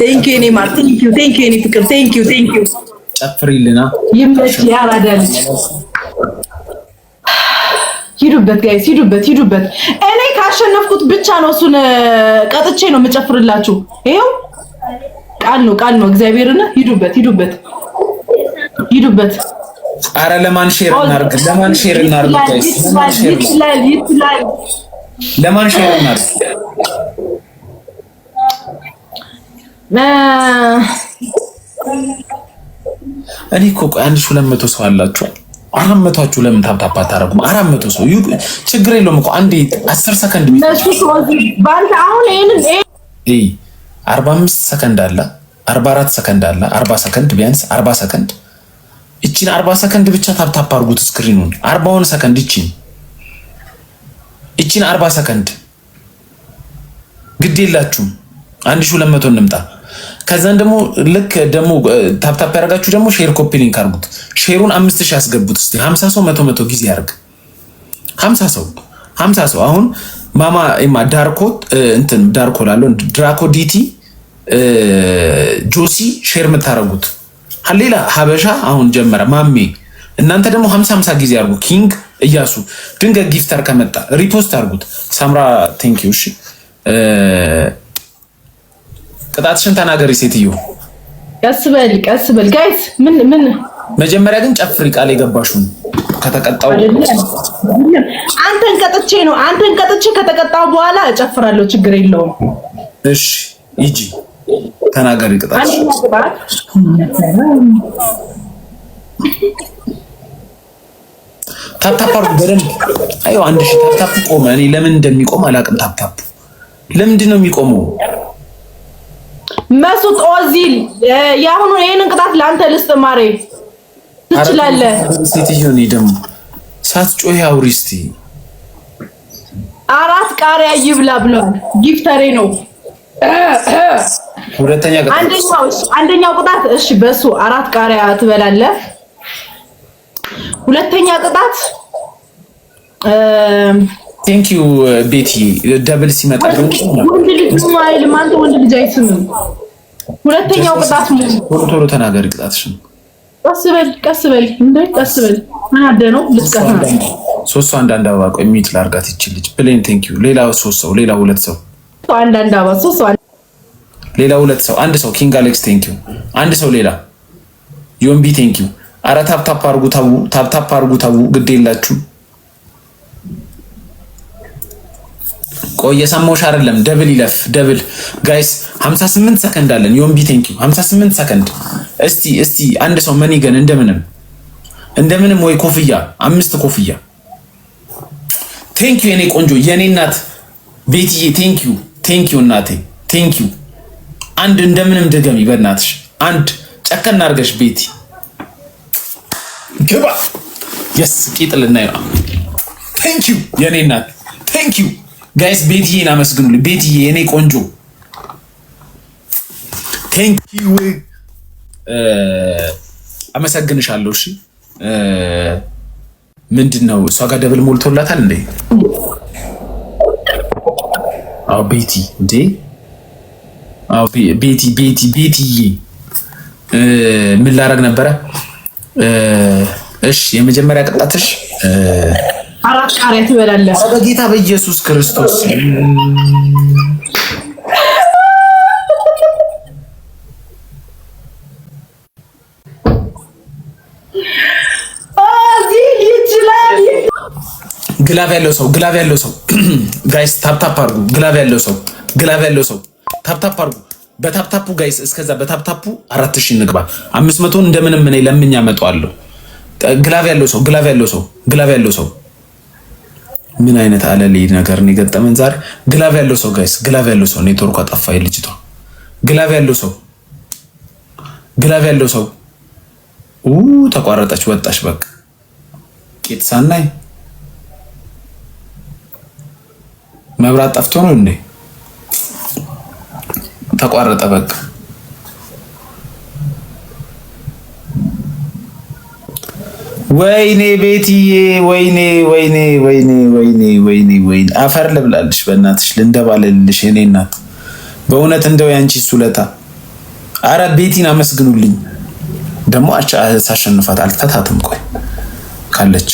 ቴንኪ ኔ ማር ቴንኪ ቴንኪ ኔ ፍቅር ቴንኪ ቴንኪ ጨፍሪልና ይመች ያራዳልች ሂዱበት ጋይስ ሂዱበት ሂዱበት። እኔ ካሸነፍኩት ብቻ ነው እሱን ቀጥቼ ነው የምጨፍርላችሁ። ይሄው ቃል ነው ቃል ነው እግዚአብሔርና ሂዱበት ሂዱበት ሂዱበት። አረ ለማን ሼር እናርግ? ለማን ሼር እናርግ? ጋይስ ለማን ሼር እናርግ? እኔ እኮ አንድ ሺህ ሁለት መቶ ሰው አላችሁ። አራት መቷችሁ ለምን ታብታብ አታረጉም? አራት መቶ ሰው ችግር የለውም እኮ አንዴ አስር ሰከንድ አርባ አምስት ሰከንድ አለ፣ አርባ አራት ሰከንድ አለ፣ አርባ ሰከንድ ቢያንስ አርባ ሰከንድ እቺን አርባ ሰከንድ ብቻ ታብታብ አድርጉት ስክሪኑን። አርባውን ሰከንድ እቺን እቺን አርባ ሰከንድ ግድ የላችሁም። አንድ ሺህ ሁለት መቶ እንምጣ ከዛን ደግሞ ልክ ደግሞ ታፕታፕ ያደርጋችሁ ደግሞ ሼር ኮፒ ሊንክ አርጉት። ሼሩን አምስት ሺህ ያስገቡት እስኪ ሀምሳ ሰው መቶ መቶ ጊዜ ያርግ ሀምሳ ሰው ሀምሳ ሰው አሁን ማማ ማ ዳርኮ እንትን ዳርኮ ላለው ድራኮ ዲቲ ጆሲ ሼር የምታረጉት ሌላ ሀበሻ አሁን ጀመረ ማሜ እናንተ ደግሞ ሀምሳ ሀምሳ ጊዜ አርጉ። ኪንግ እያሱ ድንገት ጊፍተር ከመጣ ሪፖስት አርጉት። ሳምራ ቴንኪው እሺ ቅጣትሽን ተናገሪ ሴትዮ። ቀስ በል ቀስ በል ጋይስ፣ ምን ምን መጀመሪያ ግን ጨፍሪ ቃል የገባሽውን ከተቀጣው አንተን ቀጥቼ ነው አንተን ቀጥቼ ከተቀጣው በኋላ እጨፍራለሁ። ችግር የለውም። እሺ ሂጂ ተናገሪ ቅጣት ታፕታፕ በደንብ አዩ አንድ ሺህ ታፕታፕ ቆመ። እኔ ለምን እንደሚቆም አላውቅም። ታፕታፕ ለምንድን ነው የሚቆመው? መሱት ኦዚል የአሁኑ ይሄንን ቅጣት ለአንተ ልስጥ ማሬ፣ ትችላለህ። ሴትዮ እኔ ደግሞ ሳትጮህ አውሪ እስቲ። አራት ቃሪያ ይብላ ብሏል። ጊፍተሬ ነው። ሁለተኛ አንደኛው አንደኛው ቅጣት እሺ፣ በሱ አራት ቃሪያ ትበላለህ። ሁለተኛ ቅጣት ቴንክ ዩ ቤቲ። ደብል ሲመጣ ወንድ ልጅ አይልም። አንተ ወንድ ልጅ አይስምም። ሁለተኛው ቅጣት ነው። ቶሎ ተናገር ቅጣትሽን። ቀስ በል ቀስ በል እንደ ቀስ በል አደ ነው አንዳንድ አበባ። ቆይ ሚውት ላድርጋት ይቺ ብሌን። ቴንክ ዩ። ሌላ ሶስት ሰው ሌላ ሁለት ሰው አንዳንድ አበባ። ሶስት ሰው ሌላ ሁለት ሰው አንድ ሰው ኪንግ አሌክስ ቴንክ ዩ። አንድ ሰው ሌላ ዮምቢ ቴንክ ዩ። አረ ታፕ ታፕ አድርጉ ታፕ ታፕ አርጉ ታቡ ግድ የላችሁ ቆይ የሰማሁሽ አይደለም። ደብል ይለፍ ደብል ጋይስ 58 ሰከንድ አለን። ዮምቢ ቴንክ ዩ 58 ሰከንድ። እስቲ እስቲ አንድ ሰው ገን እንደምንም እንደምንም ወይ ኮፍያ አምስት ኮፍያ። ቴንክ ዩ የኔ ቆንጆ የኔ እናት ቤትዬ ቴንክ ዩ ቴንክ ዩ እናቴ ቴንክ ዩ። አንድ እንደምንም ድገሚ በእናትሽ አንድ ጨከን አድርገሽ ቤቲ ግባ። የስ ቂጥልና ቴንክ ዩ የኔ እናት ቴንክ ዩ ጋይስ ቤትዬን አመስግኑልኝ። ቤትዬ የኔ ቆንጆ ቴንኪዩ አመሰግንሻለሁ። እሺ ምንድን ነው እሷ ጋር ደብል ሞልቶላታል እንዴ? አዎ ቤቲ እንዴ አዎ ቤቲ ቤቲ ቤትዬ ምን ላረግ ነበረ? እሺ የመጀመሪያ ቅጣትሽ አራት ቃሪያ ትበላለህ። በጌታ በኢየሱስ ክርስቶስ ግላቭ ያለው ሰው ግላቭ ያለው ሰው ጋይስ ታፕታፕ አርጉ። ግላቭ ያለው ሰው ግላቭ ያለው ሰው ታፕታፕ አርጉ። በታፕታፑ ጋይስ እስከዛ በታፕታፑ አራት ሺህ እንግባ። አምስት መቶን እንደምንም እኔ ለምኝ አመጣዋለሁ። ግላቭ ያለው ሰው ግላቭ ያለው ሰው ግላቭ ያለው ሰው ምን አይነት አለልይ ነገር ነው የገጠመን ዛሬ? ግላቭ ያለው ሰው ጋይስ፣ ግላቭ ያለው ሰው ኔትወርኳ ጠፋ። ልጅቷ ግላቭ ያለው ሰው ግላቭ ያለው ሰው ተቋረጠች፣ ወጣች። በቃ ቂጥ ሳናይ መብራት ጠፍቶ ነው እንዴ? ተቋረጠ በቃ። ወይኔ ቤትዬ፣ ወይኔ ወይኔ ወይኔ ወይኔ ወይኔ ወይኔ፣ አፈር ልብላልሽ፣ በእናትሽ ልንደባለልልሽ። እኔ እናት በእውነት እንደው ያንቺ ሱለታ። አረ ቤቲን አመስግኑልኝ። ደግሞ ሳሸንፋት አልፈታትም። ቆይ ካለች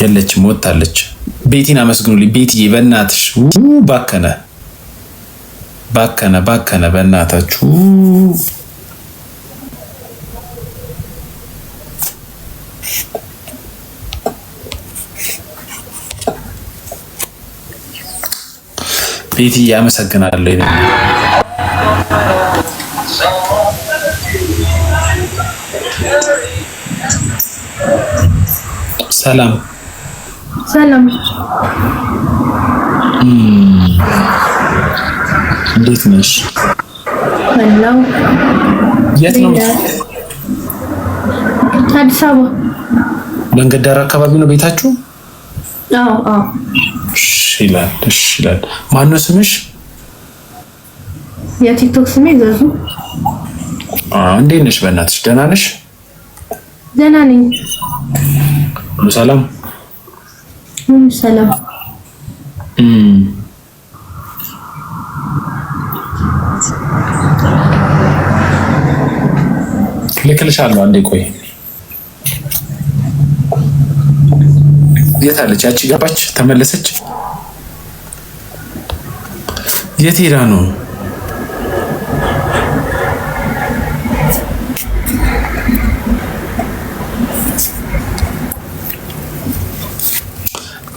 የለችም፣ ወታለች። ቤቲን አመስግኑልኝ። ቤትዬ፣ በእናትሽ ባከነ ባከነ ባከነ በእናታችሁ ቤት ያመሰግናለሁ። ሰላም ሰላም እንዴት ነሽ? አላው የት ነው? አዲስ አበባ መንገድ ዳር አካባቢ ነው ቤታችሁ? አዎ አዎ። እሺ ይላል። እሺ ይላል። ማነው ስምሽ? የቲክቶክ ስሜ ዘዙ። እንዴት ነሽ? በእናትሽ ደህና ነሽ? ደህና ነኝ። ሁሉ ሰላም፣ ሁሉ ሰላም። ልክልሻለሁ። አንዴ ቆይ፣ የት አለች ያቺ? ገባች፣ ተመለሰች። የት ሄዳ ነው?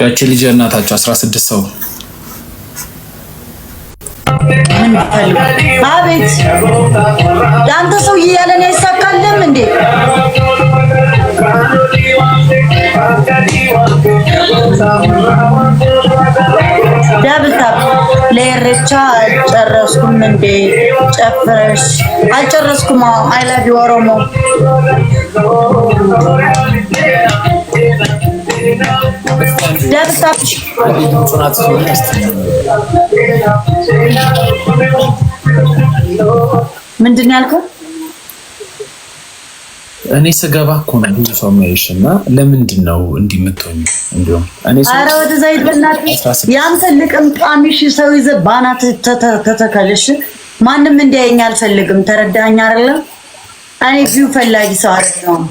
ያቺ ልጅ እናታቸው አስራ ስድስት ሰው ምን ብትፈልግ? አቤት አንተ ሰውዬ ያለ አይሳካልም እንዴ? ዳብልታብ ለኢሬቻ አልጨረስኩም እንዴ? ጨፍረሽ አልጨረስኩም። አይ ላቭ ዩ ኦሮሞ ምንድን ነው ያልከው? እኔ ስገባ እኮ ነው ብዙ ሰው የሚያይሽ እና ለምንድን ነው እንዲህ የምትሆኝ? እንዲሁም ኧረ ወደዛ ሂድ በእናትህ ያንተ ልቅምጣሚሽ ሰው ይዘህ በአናትህ ተተከልሽ። ማንም እንዲያየኝ አልፈልግም። ተረዳኸኝ አይደለም? እኔ ቪው ፈላጊ ሰው አይደለሁም።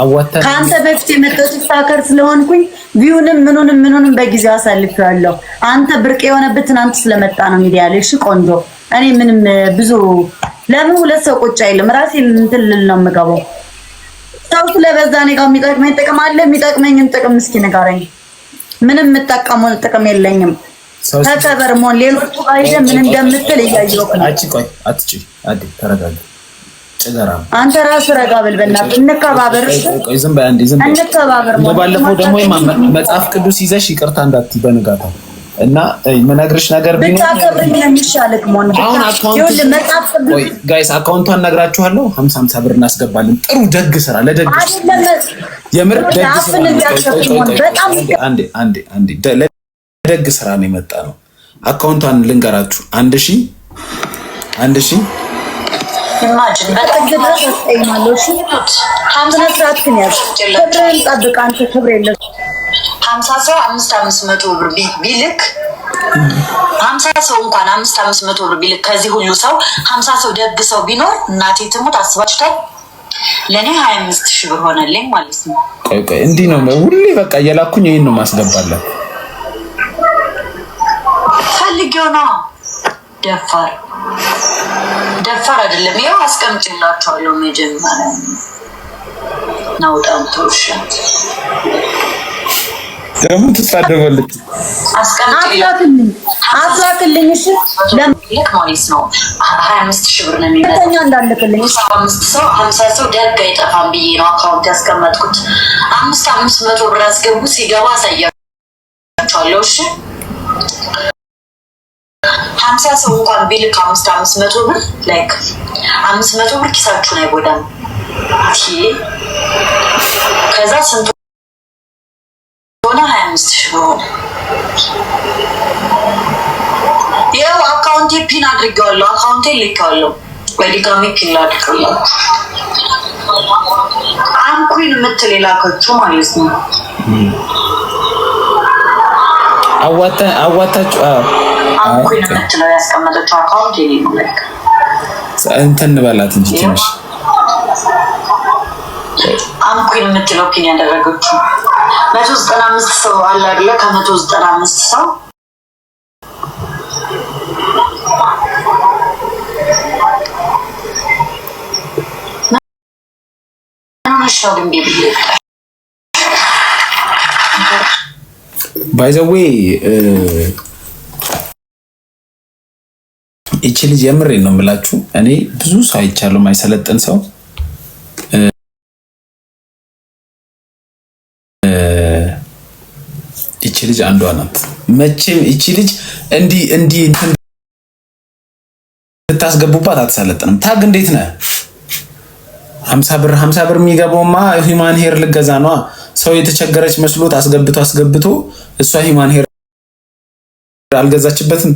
አዋታ ከአንተ በፊት የመጣሁት ታከር ስለሆንኩኝ ቪውንም ምኑንም ምኑንም በጊዜው አሳልፌዋለሁ። አንተ ብርቅ የሆነበት ትናንት ስለመጣ ነው ሚዲያ ላይ። እሺ ቆንጆ። እኔ ምንም ብዙ ለምን ሁለት ሰው ቁጭ አይልም። ራሴ እንትን ልል ነው የምገባው። ሰው ስለበዛ እኔ ጋር የሚጠቅመኝ ጥቅም አለ። የሚጠቅመኝን ጥቅም እስኪ ንገረኝ። ምንም የምጠቀመው ጥቅም የለኝም። ተከበር መሆን ሌሎቹ ጋር ሄደህ ምን እንደምትል እያየሁ ነው። አትጪ ቆይ፣ አትጪ። አዲ ተረጋጋ አንተ ራስህ ረጋ በል በእናትህ፣ እንከባበር፣ እንከባበር። ባለፈው ደግሞ መጽሐፍ ቅዱስ ይዘሽ ይቅርታ እንዳትዪ በንጋታ እና የምነግርሽ ነገር ጋይስ አካውንቷን እነግራችኋለሁ። ሀምሳ ሀምሳ ብር እናስገባለን። ጥሩ ደግ ስራ ለደግ የምር ደግ ስራ ነው የመጣ ነው። አካውንቷን ልንገራችሁ አንድ ሺ አንድ ሺህ ኢማጅን በጣም ሀምሳ ሰው አምስት አምስት መቶ ብር ቢልክ ሀምሳ ሰው እንኳን አምስት አምስት መቶ ብር ቢልክ ከዚህ ሁሉ ሰው ሀምሳ ሰው ደግ ሰው ቢኖር እናቴ ትሙት አስባችሁታል። ለእኔ ሀያ አምስት ሺህ ብር ሆነልኝ ማለት ነው። እንዲህ ነው ሁሌ በቃ እየላኩኝ ይህን ነው ማስገባለን ፈልጌው ነው ደፋር ደፋር አይደለም። ይኸው አስቀምጭላቸዋለሁ። መጀመሪያ ናውጣም ተውሻት እሺ፣ ማለት ነው። ሀያ አምስት ሺህ ብር ነው የሚመጣው አምስት ሰው ሀምሳ ሰው ደግ አይጠፋም ብዬ ነው አካውንት ያስቀመጥኩት። አምስት አምስት መቶ ብር አስገቡ ሲገባ አሳያቸዋለሁ። እሺ ሀምሳ ሰው እንኳን ቢልክ አምስት አምስት መቶ ብር ላይክ አምስት መቶ ብር ኪሳችሁን አይጎዳም። ከዛ ስንት ሆነ? ሀያ አምስት ሺ ሆነ። ይኸው አካውንቴ ፒን አድርጌዋለሁ። አካውንቴ ልኬዋለሁ። በድጋሚ ፒን አድርጌዋለሁ። አንኩን የምትል የላከችው ማለት ነው። አዋታችሁ ባንኩን የምትለው ያስቀመጠችው አካውንት የኔ ነው። እንትን እንጂ ትንሽ አንኩን የምትለው ፒን ያደረገችው መቶ ዘጠና አምስት ሰው አለ አይደለ? ከመቶ ዘጠና አምስት ሰው ይቺ ልጅ የምሬ ነው የምላችሁ። እኔ ብዙ ሰው አይቻለሁ ማይሰለጥን ሰው ይቺ ልጅ አንዷ ናት። መቼም ይቺ ልጅ እንዲህ እንዲህ ልታስገቡባት አትሰለጥንም። ታግ እንዴት ነህ? ሀምሳ ብር ሀምሳ ብር የሚገባውማ ሂማን ሄር ልገዛ ነዋ። ሰው የተቸገረች መስሎት አስገብቶ አስገብቶ እሷ ሂማን ሄር አልገዛችበትም።